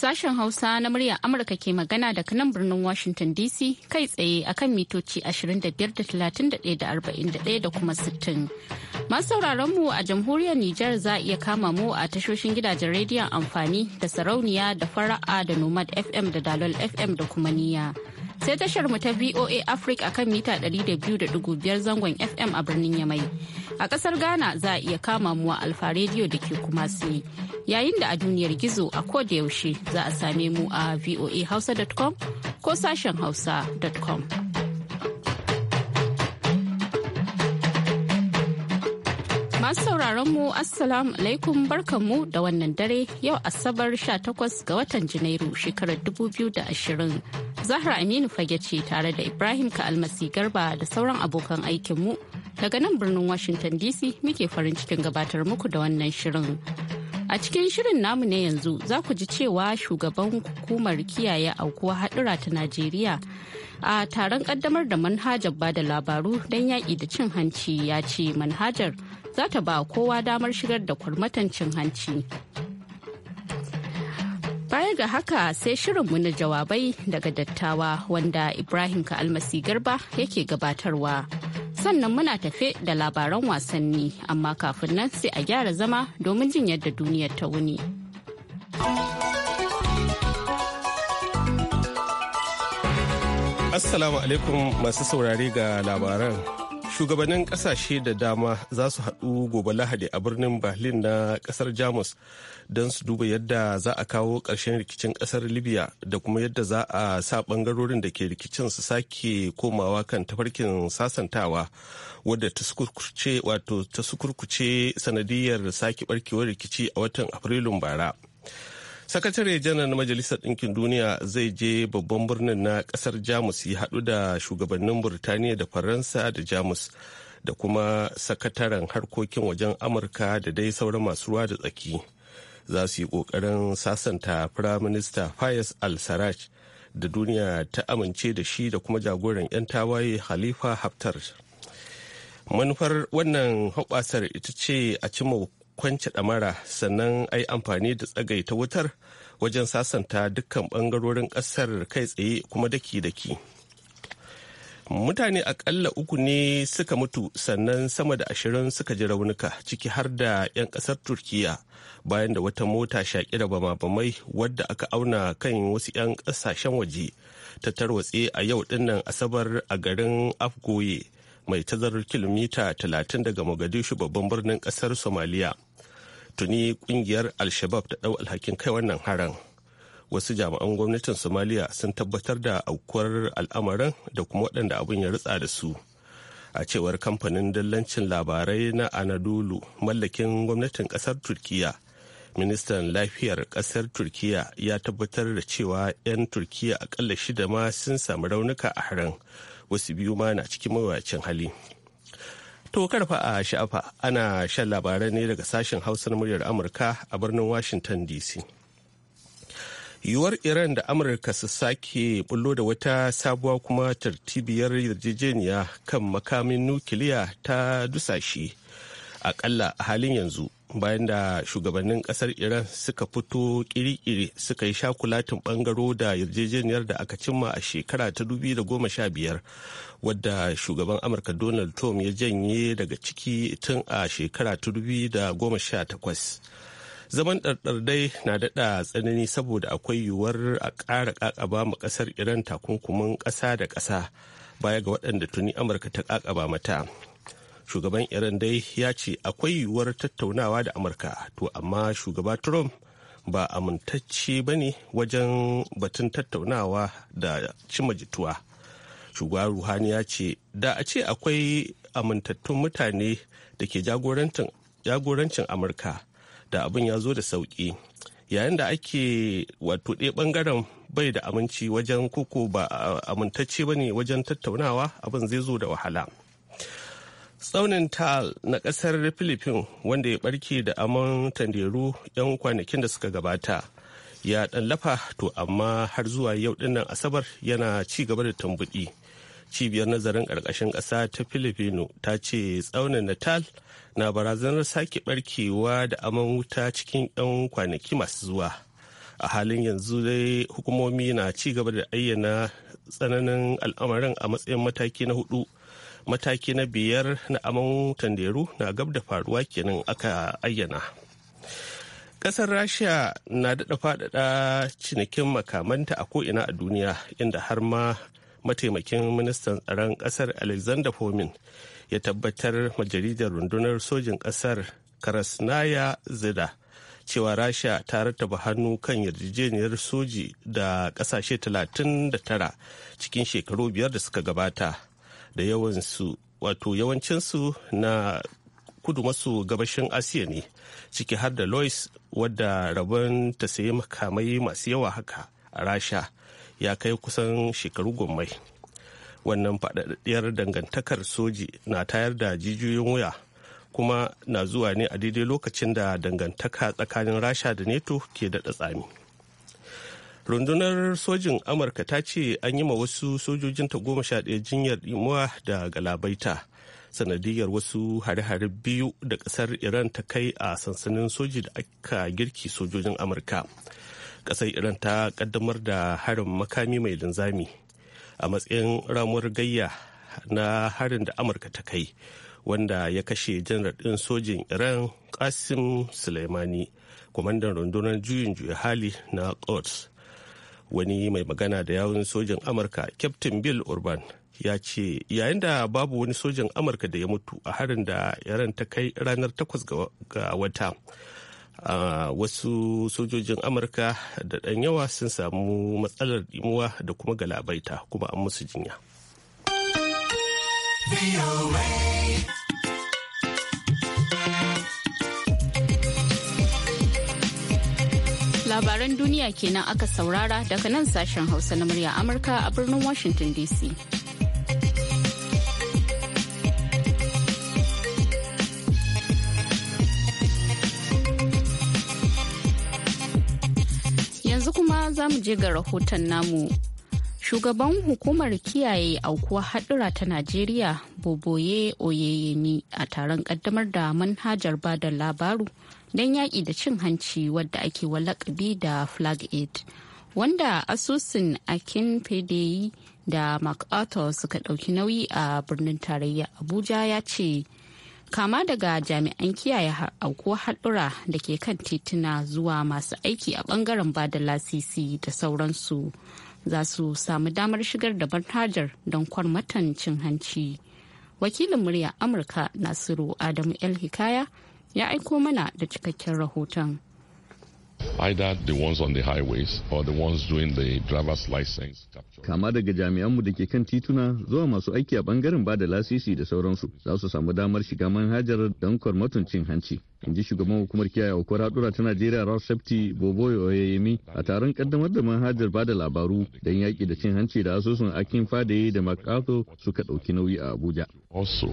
Sashen Hausa na muryar Amurka ke magana daga nan birnin Washington DC kai tsaye akan mitoci 25-31-41 da kuma 60. Masu sauraron mu a jamhuriyar Nijar za iya kama mu a tashoshin gidajen rediyon amfani da sarauniya da fara'a da Nomad FM da Dalol FM da kuma niya. sai tashar mu ta VOA Africa akan mita 200.5 zangon FM a birnin Yamai. A ƙasar Ghana za a iya kama mu a Alfa Radio da ke kuma yayin da a duniyar gizo a da yaushe za a same mu a voahausa.com ko sashen hausa.com. Masu sauraron mu Assalamu alaikum barkanmu da wannan dare yau Asabar 18 ga watan Janairu shekarar 2020. Zahra Aminu fage ce tare da Ibrahim Ka'almasi Garba da sauran abokan aikinmu daga nan birnin Washington DC muke farin cikin gabatar muku da wannan shirin. A cikin shirin namu ne yanzu za ku ji cewa shugaban hukumar kiyaye aukuwa haɗura ta Najeriya a taron ƙaddamar da manhajar ba da labaru don yaƙi da cin hanci ya ce manhajar za ta ba kowa damar shigar da kwarmatan cin hanci. Baya ga haka sai shirin na jawabai daga dattawa wanda Ibrahim Ka'almasi Garba yake gabatarwa. sannan muna tafe da labaran wasanni amma kafin nan sai a gyara zama domin jin yadda duniyar ta wuni. Assalamu alaikum masu saurari ga labaran. shugabannin kasashe da dama za su haɗu gobe lahadi a birnin berlin na ƙasar jamus don su duba yadda za a kawo ƙarshen rikicin ƙasar libya da kuma yadda za a sa ɓangarorin da ke rikicin su sake komawa kan tafarkin sasantawa wadda ta sukurkuce sanadiyar sake barkewar rikici a watan afrilun bara sakatare janar na majalisar ɗinkin duniya zai je babban birnin na ƙasar jamus ya haɗu da shugabannin burtaniya da faransa da jamus da kuma sakataren harkokin wajen amurka da dai sauran masu ruwa da tsaki za su yi ƙoƙarin sasanta firaminista fayez al-sarraj da duniya ta amince da shi da kuma jagoran 'yan tawaye halifa haftar manufar wannan hoɓasar ita ce a cimma kwance damara sannan a yi amfani da tsagai ta wutar wajen sasanta dukkan bangarorin ƙasar kai tsaye kuma daki-daki. Mutane akalla uku ne suka mutu sannan sama da ashirin suka ji raunuka ciki har da 'yan ƙasar Turkiya bayan da wata mota shaƙi da bama-bamai wadda aka auna kan wasu 'yan ƙasashen waje ta tarwatse a yau dinnan Asabar a garin Afgoye. mai tazarar kilomita 30 daga mogadishu babban birnin kasar somaliya tuni kungiyar al-shabab ta dau alhakin kai wannan haran wasu jami'an gwamnatin somaliya sun tabbatar da aukuwar al'amarin da kuma waɗanda abin ya ritsa da su a cewar kamfanin dallancin labarai na anadolu mallakin gwamnatin ƙasar turkiya ministan lafiyar ƙasar turkiya ya tabbatar da cewa 'yan turkiya akalla shida ma sun samu raunuka a haran wasu biyu ma na cikin mawuyacin hali to karfa a sha'afa ana shan labarai ne daga sashen hausa na muryar amurka a birnin washington dc yiwuwar iran da amurka su sake bullo da wata sabuwa kuma tartibiyar yarjejeniya kan makamin nukiliya ta dusashe akalla a halin yanzu bayan da shugabannin kasar iran suka fito kiri-kiri suka yi shakulatin bangaro da yarjejeniyar da aka cimma a shekara ta biyar wadda shugaban amurka donald trump ya janye daga ciki tun a shekara ta 2018 zaman ɗarɗardai na daɗa tsanani saboda akwai yiwuwar a ƙara ƙaƙaba ma ƙasar iran takunkumin ƙasa da ƙasa baya ga waɗanda tuni amurka ta ƙaƙaba mata shugaban iran dai ya ce akwai yiwuwar tattaunawa da amurka to amma shugaba trump ba amintacce ba ne wajen batun tattaunawa da cima jituwa shugaba ruhani ya ce da a ce akwai amintattun mutane da ke jagorancin amurka da abin ya zo da sauki yayin da ake wato ɗaya ɓangaren bai da aminci wajen koko ba amintacce ba ne wajen tattaunawa abin zai zo da wahala Tsaunin Tal na kasar Filipin wanda ya barke da aman tanderu 'yan kwanakin da suka gabata. Ya dan lafa to amma har zuwa yau dinnan Asabar yana ci gaba da tambudi Cibiyar nazarin karkashin kasa ta Filipino ta ce tsaunin Natal na barazanar sake barkewa da aman wuta cikin 'yan kwanaki masu zuwa. A halin yanzu dai hukumomi na ci gaba da ayyana tsananin al'amarin a matsayin mataki na hudu. mataki na biyar na aman tanderu na gab da faruwa kenan aka ayyana kasar rasha na daɗa faɗaɗa cinikin makamanta a ko'ina a duniya inda har ma mataimakin ministan tsaron ƙasar alexander fomin ya tabbatar majaridar rundunar sojin ƙasar karasnaya zida cewa rasha ta rattaba hannu kan yarjejeniyar soji da kasashe 39 cikin shekaru biyar da suka gabata da yawansu wato yawancinsu na kudu maso gabashin asiya ne ciki har da lois wadda rabon ta sayi makamai masu yawa haka a rasha ya kai kusan shekaru gwammai wannan faɗaɗɗiyar dangantakar soji na tayar da jijiyoyin wuya kuma na zuwa ne a daidai lokacin da dangantaka tsakanin rasha da neto ke da tsami rundunar sojin amurka ta ce an yi ma wasu sojojinta goma sha ɗaya jinyar imuwa da galabaita sanadiyar wasu hare-hare biyu da ƙasar iran ta kai a sansanin soji da aka girki sojojin amurka ƙasar iran ta ƙaddamar da harin makami mai linzami a matsayin ramuwar gayya na harin da amurka ta kai wanda ya kashe janar ɗin sojin iran kasim suleimani kwamandan rundunar juyin juya hali na quds wani mai magana da yawun sojin amurka captain bill urban ya ce yayin da babu wani sojin amurka da ya mutu a harin da yaran ta kai ranar takwas ga wata a wasu sojojin amurka da ɗan yawa sun samu matsalar imuwa da kuma galabaita kuma an musu jinya. labaran duniya kenan aka saurara daga nan sashen hausa na murya amurka a birnin washington dc yanzu kuma za mu je ga rahoton namu shugaban hukumar kiyaye aukuwa haɗura ta najeriya boboye oyeyeni a taron ƙaddamar da manhajar bada labaru don yaƙi da cin hanci wadda ake walakabi da flag aid wanda asusun akin fedeyi da macarthur suka ɗauki nauyi a birnin tarayya abuja ya ce kama daga jami'an kiyaye aukuwa haɗura da ke kan tituna zuwa masu aiki a ɓangaren bada lasisi da sauransu za su samu damar shigar da manhajar don kwarmatan cin hanci wakilin murya amurka nasiru adamu el hikaya ya aiko mana da cikakken rahoton either the ones on the highways or the ones doing the driver's license. kama daga jami'anmu da ke kan tituna zuwa masu aiki a bangaren bada lasisi da sauransu za su samu damar shiga manhajar don kwarmatun cin hanci in ji shugaban hukumar kiyaye aukuwar hadura ta najeriya ross safety boboyo oyeyemi a taron kaddamar da manhajar ba da labaru don yaƙi da cin hanci da asusun akin fadaye da makato suka ɗauki nauyi a abuja also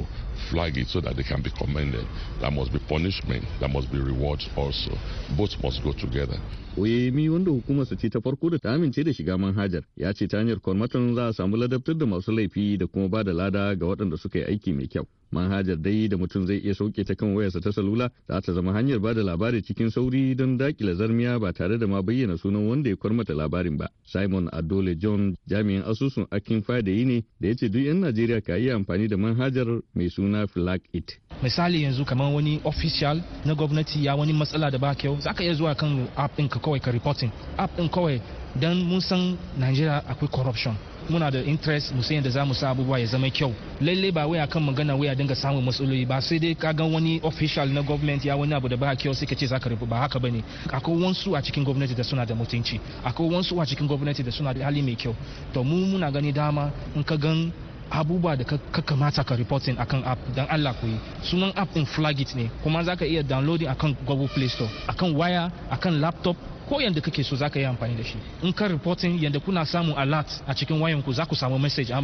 flag it so that they can be commended that must be punishment that must be reward also both must go together oyeyemi wanda hukumarsa ce ta farko da ta amince da shiga manhajar ya ce ta hanyar hanyar kwarmatan za a samu ladabtar da masu laifi da kuma ba da lada ga waɗanda suka yi aiki mai kyau. manhajar dai da mutum zai iya sauke ta kan wayarsa ta salula za ta zama hanyar ba da labari cikin sauri don dakila zarmiya ba tare da ma bayyana sunan wanda ya kwarmata labarin ba simon adole john jami'in asusun akin yi ne da ya ce duk 'yan najeriya ka iya amfani da manhajar mai suna flag it misali yanzu kamar wani official na gwamnati ya wani matsala da ba kyau za ka iya zuwa kan app ka kawai ka reporting app ɗin kawai don mun san najeriya akwai corruption muna da interest mu sai da za mu sa abubuwa ya zama kyau lalle ba wai akan magana wai a dinga samun matsaloli ba sai dai ka gan wani official na government ya wani abu da ba kyau sai ka ce za ka rubu ba haka bane akwai wansu a cikin gwamnati da suna da mutunci akwai wasu a cikin gwamnati da suna da hali mai kyau to mu muna gani dama in ka gan abubuwa da ka kamata ka reporting akan app dan Allah ku yi sunan app din flagit ne kuma zaka iya downloading akan Google Play Store akan waya akan laptop ko yanda kake so zaka yi amfani da shi in ka reporting yanda kuna samun alert a cikin wayanku ku za ku samu message an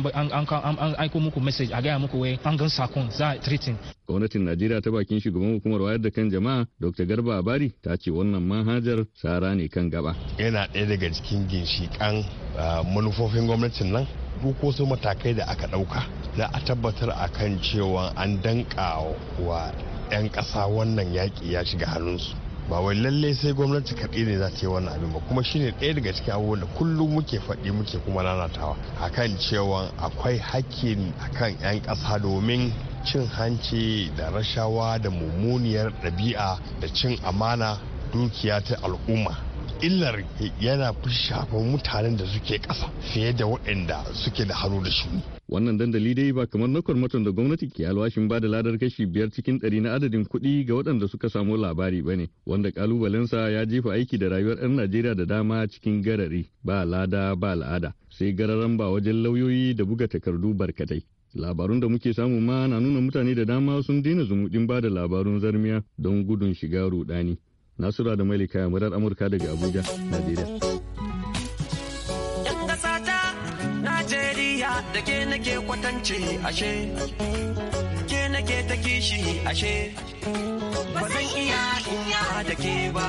aiko muku message a gaya muku wai an gan sakon za a treating gwamnatin najeriya ta bakin shugaban hukumar wayar da kan jama'a dr garba abari ta ce wannan manhajar sara ne kan gaba yana ɗaya daga cikin ginshiƙan ah, manufofin gwamnatin nan duk wasu matakai da aka ɗauka na a tabbatar a kan cewa an danƙa wa 'yan ƙasa wannan yaƙi ya shiga hannunsu ba wai lalle sai gwamnati kaɗai ne za ta yi wannan abin ba kuma shine ɗaya daga cikin abubuwan da kullum muke faɗi muke kuma lalatawa akan cewa akwai hakkin kan 'yan ƙasa domin cin hanci da rashawa da mummuniyar ɗabi'a da cin amana dukiya ta al'umma illar yana fi mutanen da suke ƙasa fiye da waɗanda suke da hannu da shuni Wannan dandali dai ba kamar na kwarmaton da gwamnati ke alwashin ba da ladar kashi biyar cikin ɗari na adadin kuɗi ga waɗanda suka samo labari ba ne, wanda ƙalubalensa ya jefa aiki da rayuwar 'yan Najeriya da dama cikin garari ba lada ba al'ada, sai gararan ba wajen lauyoyi da buga takardu barkatai. labarun da muke samu ma na nuna mutane da dama sun daina zumuɗin ba da labarun zarmiya don gudun shiga rudani nasura da mailika murar amurka daga abuja najeriya da ke nake kwatance ashe ke nake ta kishi ashe ba zan iya inya da ke ba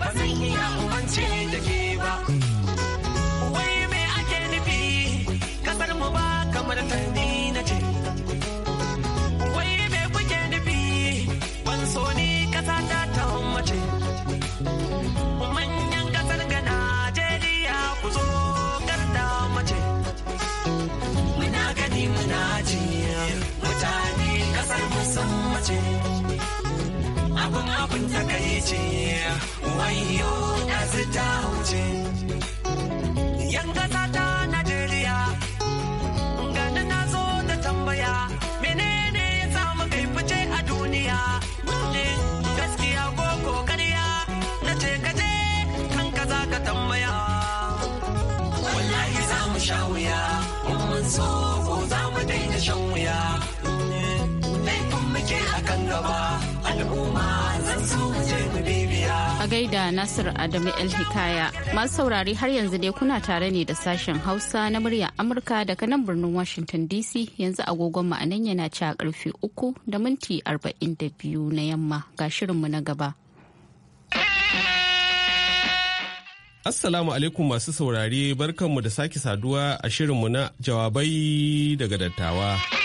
ba zan iya umance da ke ba wai me ake nufi kasar mu ba kamar ta abin takaici wayo ɗazu ta wuce yan ƙasa ta najeriya gani na zo da tambaya menene ya samu kai fice a duniya gaskiya ko kokariya na ce kaje kan ka za ka tambaya wallahi za mu sha wuya mun so ko za mu daina shan wuya laifin muke akan gaba al'umma A gaida Nasir Adamu El Hikaya masu saurari har yanzu dai kuna tare ne da sashen Hausa na murya Amurka daga nan birnin Washington DC yanzu agogon ma'anan yana ci a karfe uku da minti arba'in na yamma ga shirinmu na gaba. Assalamu alaikum masu saurari barkanmu da sake saduwa a shirinmu na jawabai daga dattawa.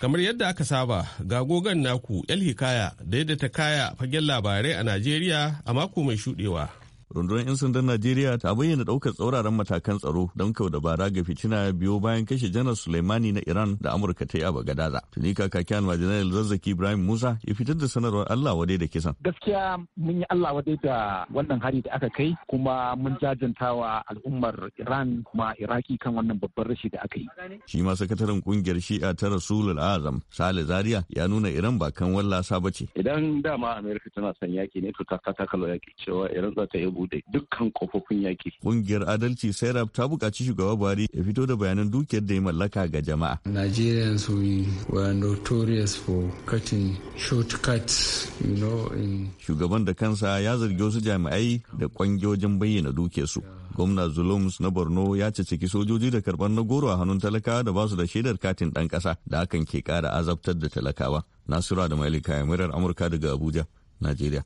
Kamar yadda aka saba, ga gogon naku 'yar Hikaya da yadda ta kaya fagen labarai a Najeriya a mako mai shudewa. rundunar 'yan sandan najeriya ta bayyana daukar tsauraran matakan tsaro don kau da bara ga fitina biyo bayan kashe janar sulaimani na iran da amurka ta yi a bagadaza tuni kakakin majalar zazzaki ibrahim musa ya fitar da sanarwar allah wadai da kisan gaskiya mun yi allah wadai da wannan hari da aka kai kuma mun jajantawa al'ummar iran ma iraki kan wannan babban rashi da aka yi shi ma sakataren kungiyar shi'a ta rasulul azam sale zaria ya nuna iran ba kan wallasa ba ce idan dama amerika tana son yaki ne to ta kalo yaki cewa iran za ta yi bude dukkan kofofin yaƙi. Ƙungiyar Adalci Serap ta buƙaci shugaba Buhari ya fito da bayanan dukiyar da ya mallaka ga jama'a. Nigerians we were notorious for cutting shortcuts, you know, in... Shugaban da kansa ya zargi wasu jami'ai da ƙwangiyojin bayyana dukiyarsu. gwamna zulums na borno ya ciciki sojoji da karbar na goro a hannun talakawa da basu da shaidar katin ɗan ƙasa da hakan ke kara azabtar da talakawa nasura da ya murar amurka daga abuja najeriya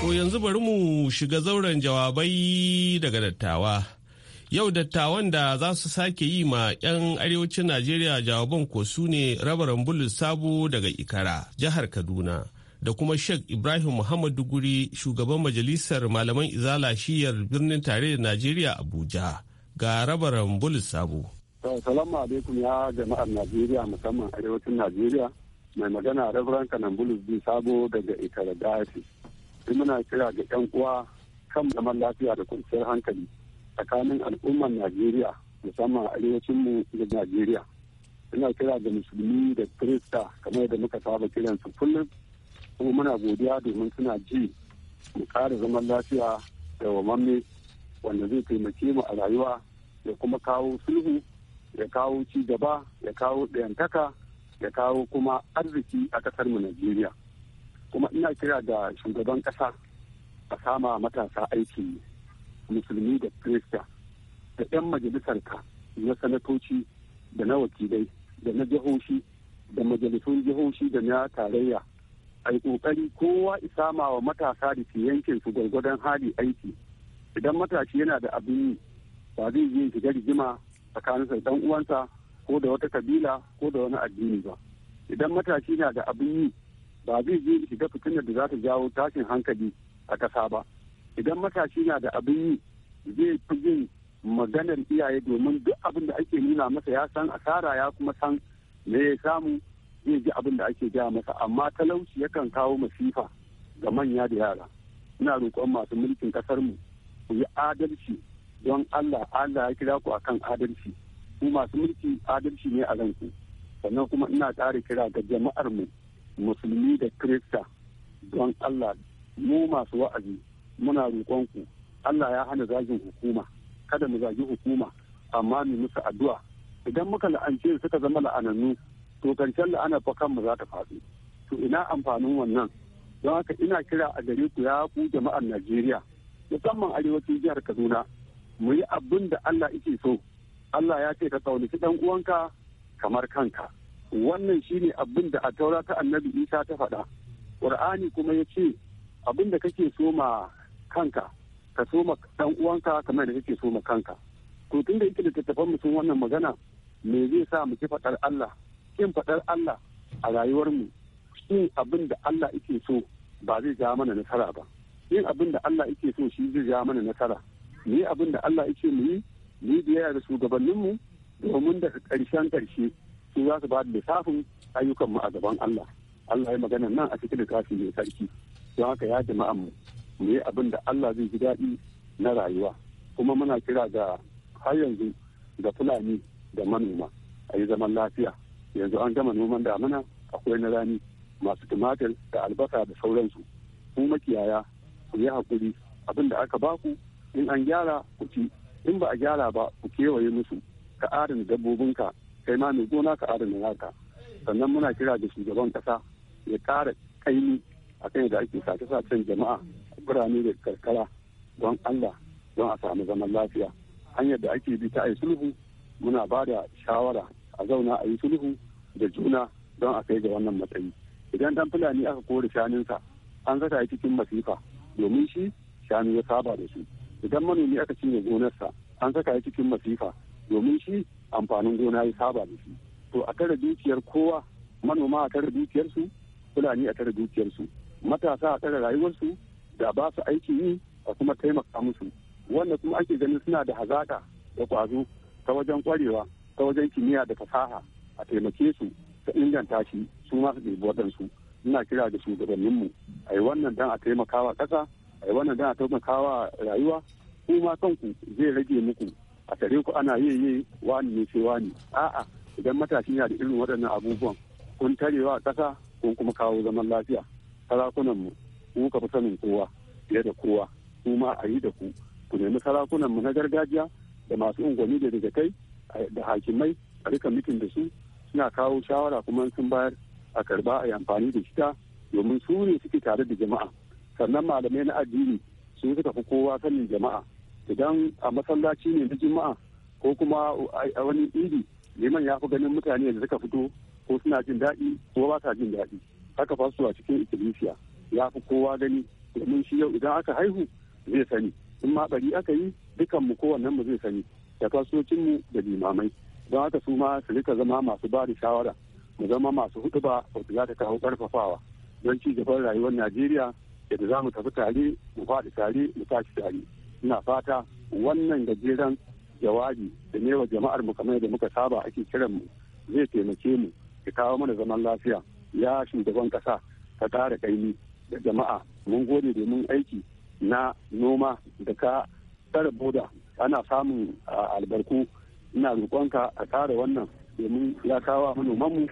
To yanzu bari mu shiga zauren jawabai daga dattawa. Yau dattawan da za su sake yi ma 'yan arewacin Najeriya jawaban ko su ne rabaran bulus sabo daga Ikara, jihar Kaduna, da kuma Sheikh Ibrahim Muhammad Duguri, shugaban majalisar malaman izala shiyar birnin tarayyar Najeriya Abuja, ga rabaran bulus sabo. Salamu ya jama'ar Najeriya musamman arewacin Najeriya, mai magana rabaran kanan bulus sabo daga Ikara Diocese. sai muna kira ga 'yan uwa kan zaman lafiya da kwanciyar hankali tsakanin al'ummar najeriya musamman mu da najeriya ina kira ga musulmi da kirista kamar da muka saba kiran su kullum kuma muna godiya domin suna ji mu kara zaman lafiya da wamamme wanda zai taimake mu a rayuwa ya kuma kawo sulhu ya kawo ci gaba ya kawo ɗayantaka ya kawo kuma arziki a ƙasar mu najeriya kuma ina kira ga shugaban ƙasa a sama matasa aiki musulmi da kirista da 'yan majalisarka na sanatoci da na wakilai da na jihohi da majalisun jihoshi da na tarayya a yi kokari kowa isama wa matasa da ke yankin su gwargwadon hali aiki idan matashi yana da abin yi ba zai yi shiga rigima tsakaninsa dan uwansa ko da wata kabila ko da wani addini ba idan matashi na da abin yi ba zai je shiga fitinar da za ta jawo tashin hankali a ƙasa ba idan matashi na da abin yi zai fi yin maganar iyaye domin duk abin da ake nuna masa ya san asara ya kuma san me ya samu zai ji abin da ake gaya masa amma talauci yakan kawo masifa ga manya da yara ina roƙon masu mulkin ƙasar mu ku yi adalci don Allah Allah ya kira ku akan adalci ku masu mulki adalci ne a ranku sannan kuma ina ƙara kira ga jama'ar mu musulmi da kirista don allah mu masu wa'azi muna roƙonku allah ya hana zagin hukuma kada mu zagi hukuma amma mu musu addu'a idan muka la'ance suka zama la'anannu to kancan la'ana fa kanmu za ta faɗi to ina amfanin wannan don haka ina kira a gare ku ya ku jama'ar najeriya musamman arewacin jihar kaduna mu yi abin da allah yake so allah ya ce ka tsaunaci dan uwanka kamar kanka wannan shine abin da a taura ta annabi isa ta faɗa ƙur'ani kuma ya ce abin da kake soma kanka ka soma ɗan uwanka kamar da kake soma kanka to tun da yake littattafan mu sun wannan magana me zai sa mu ki faɗar Allah kin faɗar Allah a rayuwar mu yin abin da Allah yake so ba zai ja mana nasara ba yin abin da Allah yake so shi zai ja mana nasara mu yi abin da Allah yake mu yi mu yi biyayya da shugabanninmu domin daga ƙarshen ƙarshe su za su ba da lissafin ayyukanmu a gaban Allah Allah ya magana nan a cikin littafi mai sarki don haka ya jama'a mu mu yi abin da Allah zai ji daɗi na rayuwa kuma muna kira ga har yanzu ga fulani da manoma a yi zaman lafiya yanzu an gama noman damina akwai na rani masu tumatir da albasa da sauransu ku makiyaya ku yi hakuri abin da aka baku in an gyara ku ci in ba a gyara ba ku kewaye musu ka adana dabbobinka kai ma mai gona ka adana naka sannan muna kira da shugaban kasa ya kara kaimi a kan yadda ake sace sacen jama'a birane da karkara don allah don a samu zaman lafiya hanyar da ake bi ta ayi sulhu muna ba da shawara a zauna a yi sulhu da juna don a kai ga wannan matsayi idan dan fulani aka kori shanunsa an zata yi cikin masifa domin shi shanu ya saba da su idan manomi aka cinye gonarsa an saka yi cikin masifa domin shi amfanin gona ya saba da shi to a tare dukiyar kowa manoma a tara dukiyarsu fulani a tara dukiyarsu matasa a tare rayuwarsu da ba su aiki yi a kuma taimaka musu wanda kuma ake ganin suna da hazaka da kwazo ta wajen kwarewa ta wajen kimiyya da fasaha a taimake su ta inganta shi su ma su ɗebi waɗansu ina kira da shugabanninmu a yi wannan dan a taimakawa ƙasa a yi wannan dan a taimakawa rayuwa kuma kanku zai rage muku a tare ku ana yi yi wani ne sai wani a'a idan matashi yana da irin waɗannan abubuwan kun tarewa ƙasa kun kuma kawo zaman lafiya sarakunan mu ka fi sanin kowa fiye da kowa su ma a yi da ku ku nemi mu na gargajiya da masu unguwanni da daga kai da hakimai a rika mitin da su suna kawo shawara kuma sun bayar a karba a yi amfani da shita domin su ne suke tare da jama'a sannan malamai na addini su suka fi kowa sanin jama'a idan a masallaci ne na juma'a ko kuma a wani iri liman ya fi ganin mutane da suka fito ko suna jin daɗi ko ba sa jin daɗi haka fasu a cikin ikkilisiya ya fi kowa gani domin shi yau idan aka haihu zai sani in ma bari aka yi dukan mu kowannen mu zai sani da fasocin mu da limamai don haka su ma su rika zama masu ba da shawara mu zama masu hudu ba wata za ta kawo ƙarfafawa don ci gaban rayuwar najeriya yadda za mu tafi tare mu faɗi tare mu tashi tare ina fata wannan gajeren jawabi da ne wa jama'ar mu kamar da muka saba ake kiran mu zai taimake mu ya kawo mana zaman lafiya ya shugaban kasa ka ƙara kaimi da jama'a mun gode domin aiki na noma da ka tsara boda ana samun albarku ina roƙonka a tsara wannan domin ya kawo mu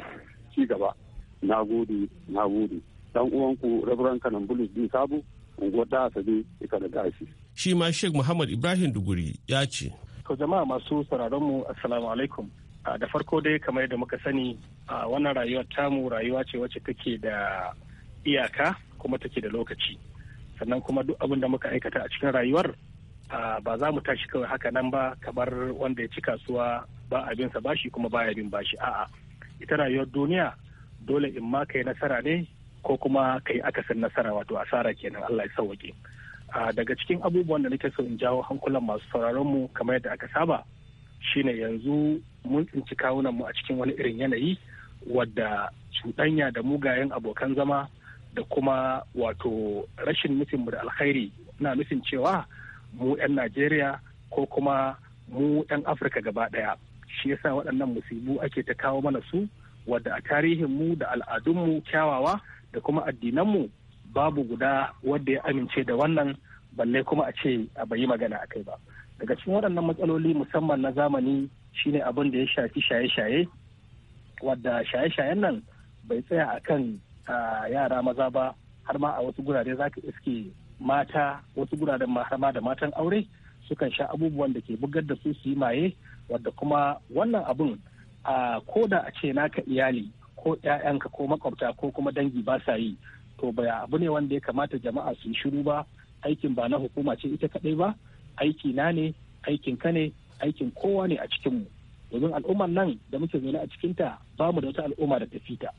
ci gaba na gode na gode dan uwanku rabaran kanan bulus din sabu unguwar da asabe ika da gashi shi ma sheikh muhammad ibrahim duguri ya ce to jama'a masu sauraron mu assalamu alaikum ah, da farko dai kamar da muka sani ah, wannan rayuwar tamu rayuwa ce wacce take da iyaka kuma take da lokaci sannan kuma duk abin da muka aikata a cikin rayuwar ah, ba za mu tashi kawai haka nan ba kamar wanda ya ci kasuwa ba abinsa bashi kuma baya bin bashi a'a ita rayuwar duniya dole in ma kai nasara ne ko kuma kai akasin nasara wato asara kenan Allah ya sauwake daga cikin abubuwan da nake so in jawo hankulan masu sauraron mu kamar yadda aka saba shine yanzu mun tsinci kawunan mu a cikin wani irin yanayi wadda cuɗanya da mugayen abokan zama da kuma wato rashin nufin mu da alkhairi na nufin cewa mu 'yan najeriya ko kuma mu 'yan afirka gaba ɗaya shi yasa waɗannan musibu ake ta kawo mana su wadda a tarihin mu da al'adunmu kyawawa da kuma addinanmu babu guda wadda ya amince da wannan balle kuma a ce a bayi magana a kai ba daga cikin waɗannan matsaloli musamman na zamani shine abin da ya shafi shaye-shaye wadda shaye-shayen nan bai tsaya a kan yara maza ba har ma a wasu gurare za ka iske mata wasu guraren ma har ma da matan aure sukan sha abubuwan da ke bugar da su su yi maye wadda kuma wannan abun a ko da a ce naka iyali ko 'ya'yanka ko makwabta ko kuma dangi ba sa yi to ba abu ne wanda ya kamata jama'a su shiru ba aikin ba na hukuma ce ita kadai ba aiki na ne aikin ka ne aikin kowa ne a cikin mu domin al'ummar nan da muke zaune a cikinta ba mu da wata al'umma da ta fita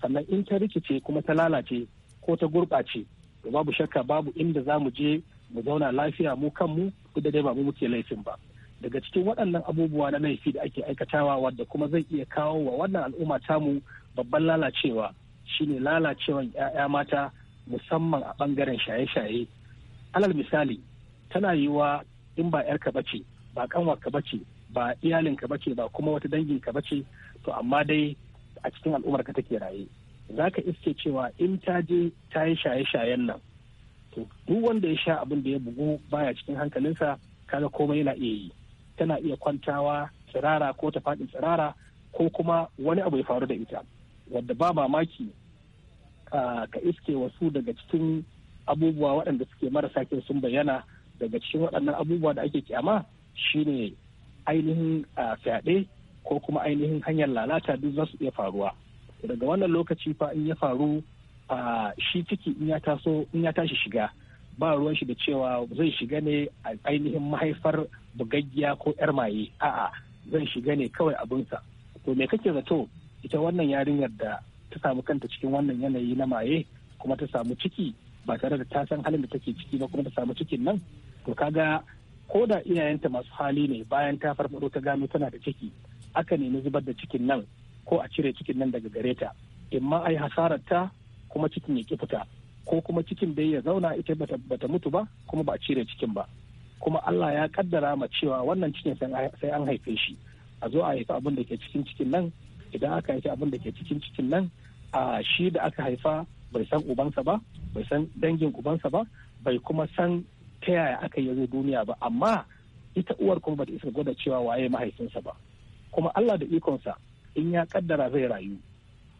sannan in ta rikice kuma ta lalace ko ta gurɓace to babu shakka babu inda za mu je mu zauna lafiya mu kanmu duk da dai ba mu muke laifin ba daga cikin waɗannan abubuwa na laifi da ake aikatawa wadda kuma zai iya kawo wa wannan al'umma tamu babban lalacewa shine lalacewan 'ya'ya mata musamman a bangaren shaye-shaye alal misali tana yiwuwa in ba 'yarka bace ba kanwarka bace ba iyalinka bace ba kuma wata danginka bace to amma dai a cikin al'ummarka take raye za ka iske cewa in ta je ta yi shaye-shayen nan to duk wanda ya sha abin da ya bugu baya cikin hankalinsa kaga komai yana iya yi tana iya kwantawa tsirara ko ta faɗi tsirara ko kuma wani abu ya faru da ita wadda ba mamaki ka iske wasu daga cikin abubuwa waɗanda suke marasa kyau sun bayyana daga cikin waɗannan abubuwa da ake kyama shine ainihin fyaɗe ko kuma ainihin hanyar lalata duk za su iya faruwa daga wannan lokaci fa in ya faru shi ciki in ya taso in ya tashi shiga ba ruwan shi da cewa zai shiga ne a ainihin mahaifar bugaggiya ko yar maye a'a zan shiga ne kawai abinsa to me kake zato ita wannan yarinyar da ta samu kanta cikin wannan yanayi na maye kuma ta samu ciki ba tare da ta san halin da take ciki ba kuma ta samu cikin nan to kaga ko da iyayenta masu hali ne bayan ta farfado ta gano tana da ciki aka nemi zubar da cikin nan ko a cire cikin nan daga gare ta ma ai hasarar ta kuma cikin ya ki ko kuma cikin dai ya zauna ita bata mutu ba kuma ba a cire cikin ba kuma Allah ya kaddara ma cewa wannan cikin sai an haife shi a zo a haifi abin da ke cikin cikin nan idan aka haifi abin da ke cikin cikin nan a shi da aka haifa bai san ubansa ba bai san dangin ubansa ba bai kuma san ta yaya aka yi duniya ba amma ita uwar kuma bata isa gwada cewa waye mahaifinsa ba kuma Allah da ikonsa in ya kaddara zai rayu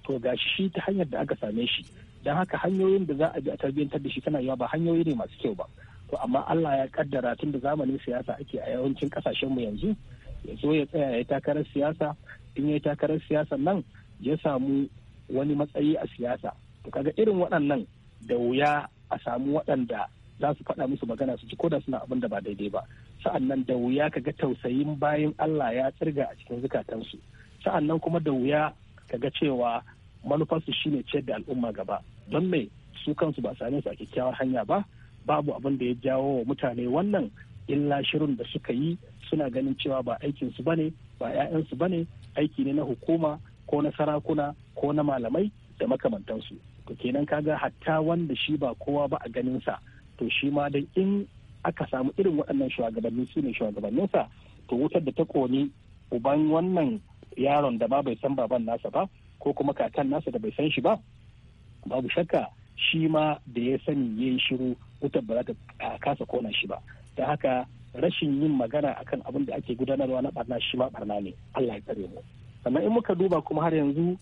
to ga shi ta hanyar da aka same shi dan haka hanyoyin da za a bi a tarbiyyantar da shi tana yawa ba hanyoyi ne masu kyau ba to amma Allah ya kaddara tun da zamanin siyasa ake a yawancin kasashen mu yanzu ya zo ya tsaya ya takarar siyasa in ya takarar siyasa nan ya samu wani matsayi a siyasa to kaga irin waɗannan da wuya a samu waɗanda za su faɗa musu magana su ci ko da suna abin da ba daidai ba sa'an nan da wuya kaga tausayin bayan Allah ya tsirga a cikin zukatansu sa'an nan kuma da wuya kaga cewa manufarsu shine ciyar da al'umma gaba don me su kansu ba same su a kyakkyawar hanya ba babu abin da ya jawo wa mutane wannan illa shirin da suka yi suna ganin cewa ba aikin su ne ba 'ya'yansu ba ne aiki ne na hukuma ko na sarakuna ko na malamai da makamantansu to kenan kaga hatta wanda shi ba kowa ba a ganinsa to shi ma dan in aka samu irin waɗannan shugabanni su ne shugabanninsa to wutar da ta koni uban wannan yaron da ba bai san baban nasa ba ko kuma kakan nasa da bai san shi ba babu shakka shi ma da ya sani ya yi shiru wutar ba za ta kasa kona shi ba da haka rashin yin magana akan abin da ake gudanarwa na barna shi ma barna ne Allah ya tsare mu sannan in muka duba kuma har yanzu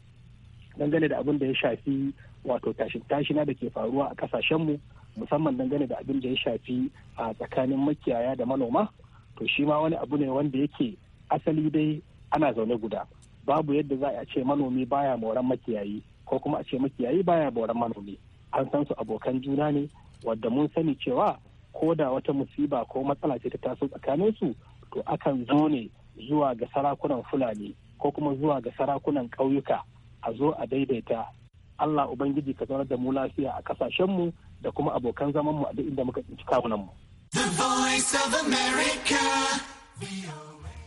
dangane da abin da ya shafi wato tashin tashina da ke faruwa a mu musamman dangane da abin da ya shafi a tsakanin makiyaya da manoma to shi ma wani abu ne wanda yake asali dai ana zaune guda babu yadda za a ce manomi baya moran makiyayi ko kuma a ce makiyayi baya moran manomi an san su abokan juna ne wadda mun sani cewa ko da wata musiba ko matsala ce ta taso tsakanin su to akan zo ne zuwa ga sarakunan fulani ko kuma zuwa ga sarakunan ƙauyuka a zo a daidaita Allah Ubangiji ka zaunar da mu lafiya a kasashenmu da kuma abokan zamanmu a duk inda muka tsinci mu.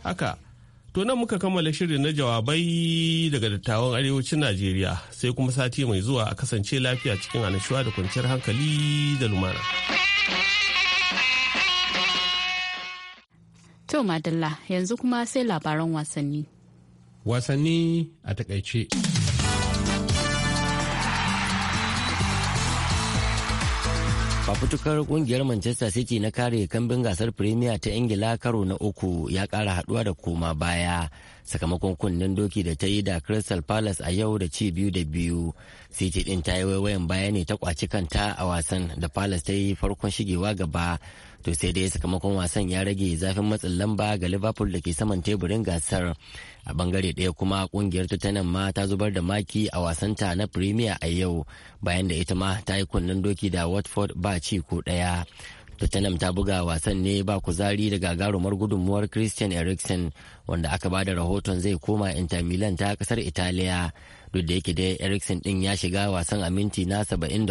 Haka, to nan muka kammala shirin na jawabai daga dattawan arewacin Najeriya sai kuma sati mai zuwa a kasance lafiya cikin annashuwa da kwanciyar hankali da lumana. To Madalla yanzu kuma sai labaran wasanni. Wasanni a takaice. fafutukar kungiyar manchester city na kare kambin gasar premier ta ingila karo na uku ya kara haduwa da koma baya sakamakon kunnen doki da ta yi da crystal palace a yau da ci biyu da biyu city din ta yi waiwayan baya ne ta kwaci kanta a wasan da palace ta yi farkon shigewa gaba to sai dai sakamakon wasan ya rage zafin matsin lamba ga liverpool da ke saman teburin gasar a bangare ɗaya kuma kungiyar tottenham ma ta zubar da maki a wasanta na premier a yau bayan da ita ma ta yi kunnen doki da watford ba ci ko ɗaya tottenham ta buga wasan ne ba kuzari da gagarumar gudunmuwar christian eriksen wanda aka ba da rahoton zai koma inter milan ta ƙasar italiya duk da yake dai eriksen din ya shiga wasan a minti na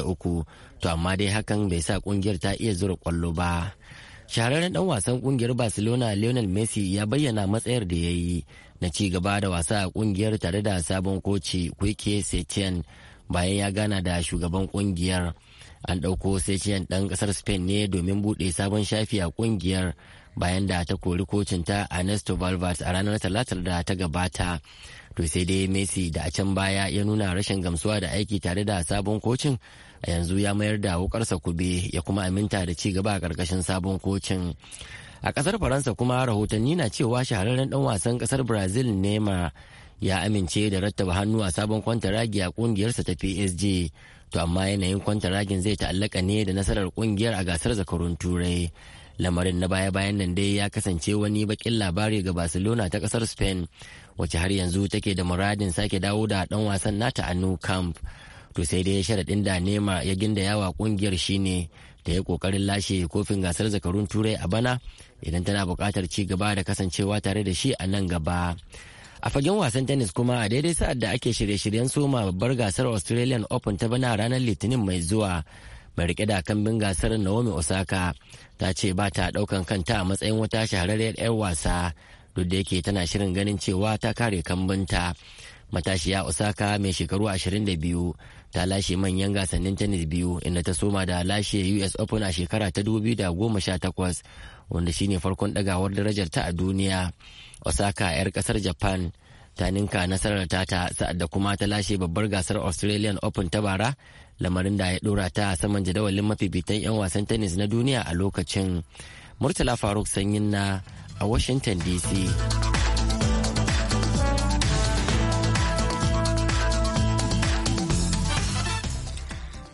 uku to amma dai hakan bai sa kungiyar ta iya zura kwallo ba shahararren dan wasan kungiyar barcelona lionel messi ya bayyana matsayar da ya yi na ci gaba da wasa a kungiyar tare da sabon koci kwike setien bayan ya gana da shugaban kungiyar an ɗauko setien ɗan ƙasar spain ne domin buɗe sabon shafi a kungiyar bayan da ta kori kocinta ernesto valverde a ranar talatar da ta gabata to sai dai messi da a can baya ya nuna rashin gamsuwa da aiki tare da sabon kocin a yanzu ya mayar da wukarsa kube ya kuma aminta da ci gaba a karkashin sabon kocin a kasar faransa kuma rahotanni na cewa shahararren dan wasan kasar brazil neymar ya amince da rattaba hannu a sabon kwantaragi a kungiyarsa ta psg to amma yanayin kwantaragin zai ta'allaka ne da nasarar kungiyar a gasar zakarun turai lamarin na baya-bayan nan dai ya kasance wani bakin labari ga barcelona ta kasar spain wacce har yanzu take da muradin sake dawo da dan wasan nata a new camp to sai dai sharaɗin da nema ya ginda yawa kungiyar shine ta yi kokarin lashe kofin gasar zakarun turai a bana idan tana buƙatar ci gaba da kasancewa tare da shi a nan gaba a fagen wasan tennis kuma a daidai sa'ad da ake shirye-shiryen soma babbar gasar australian open ta bana ranar litinin mai zuwa mai rike da kambin gasar naomi osaka ta ce ba ta daukan kanta a matsayin wata shahararriyar 'yar wasa duk da yake tana shirin ganin cewa ta kare kambanta matashiya osaka mai shekaru 22 ta lashe manyan gasannin tennis biyu inda ta soma da lashe us open a shekara ta 2018 wanda shine farkon dagawar darajar ta a duniya osaka 'yar kasar japan ta ninka nasarar ta ta sa'ad da kuma ta lashe babbar gasar australian open ta bara lamarin da ya dora ta saman jadawalin mafifitan 'yan wasan tennis na duniya a lokacin murtala faruk sanyin na a Washington DC.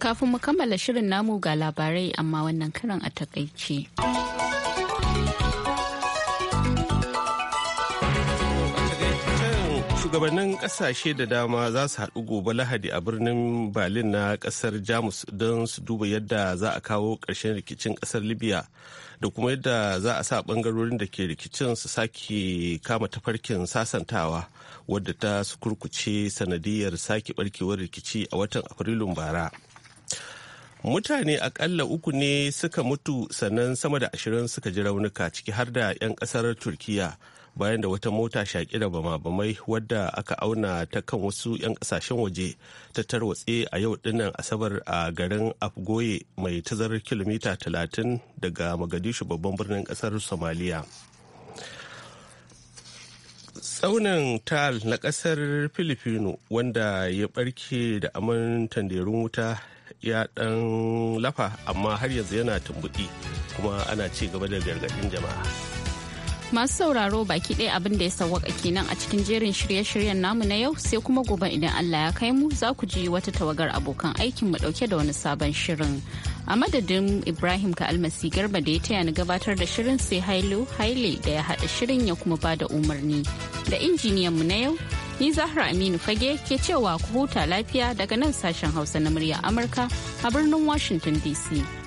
Kafin mu kammala shirin namu ga labarai amma wannan karan a takaice. shugabannin kasashe da dama za su haɗu gobe lahadi a birnin berlin na kasar jamus don su duba yadda za a kawo ƙarshen rikicin ƙasar libya da kuma yadda za a sa ɓangarorin da ke rikicin su sake kama tafarkin sasantawa wadda ta su kurkuce sanadiyar sake barkewar rikici a watan afrilun bara mutane akalla uku ne suka mutu sannan sama da ashirin suka ji raunuka ciki har da 'yan kasar turkiya bayan da wata mota shaƙi da bama-bamai wadda aka auna ta kan wasu 'yan ƙasashen waje ta tarwatse a yau dinnan asabar a garin afgoye mai tazarar kilomita 30 daga magadishu babban birnin ƙasar somaliya tsaunin tal na ƙasar filipino wanda ya barke da aman tanderun wuta ya ɗan lafa amma har yanzu yana tumbuɗi kuma ana ci gaba da gargaɗin jama'a masu sauraro baki ɗaya abin da ya sawwaka kenan a cikin jerin shirye-shiryen namu na yau sai kuma gobe idan Allah ya kai mu za ku ji wata tawagar abokan aikin mu ɗauke da wani sabon shirin a madadin ibrahim ka almasi garba da ya taya ni gabatar da shirin sai hailu haile da ya haɗa shirin ya kuma ba da umarni da injiniyan mu na yau ni zahra aminu fage ke cewa ku huta lafiya daga nan sashen hausa na murya amurka a birnin washington dc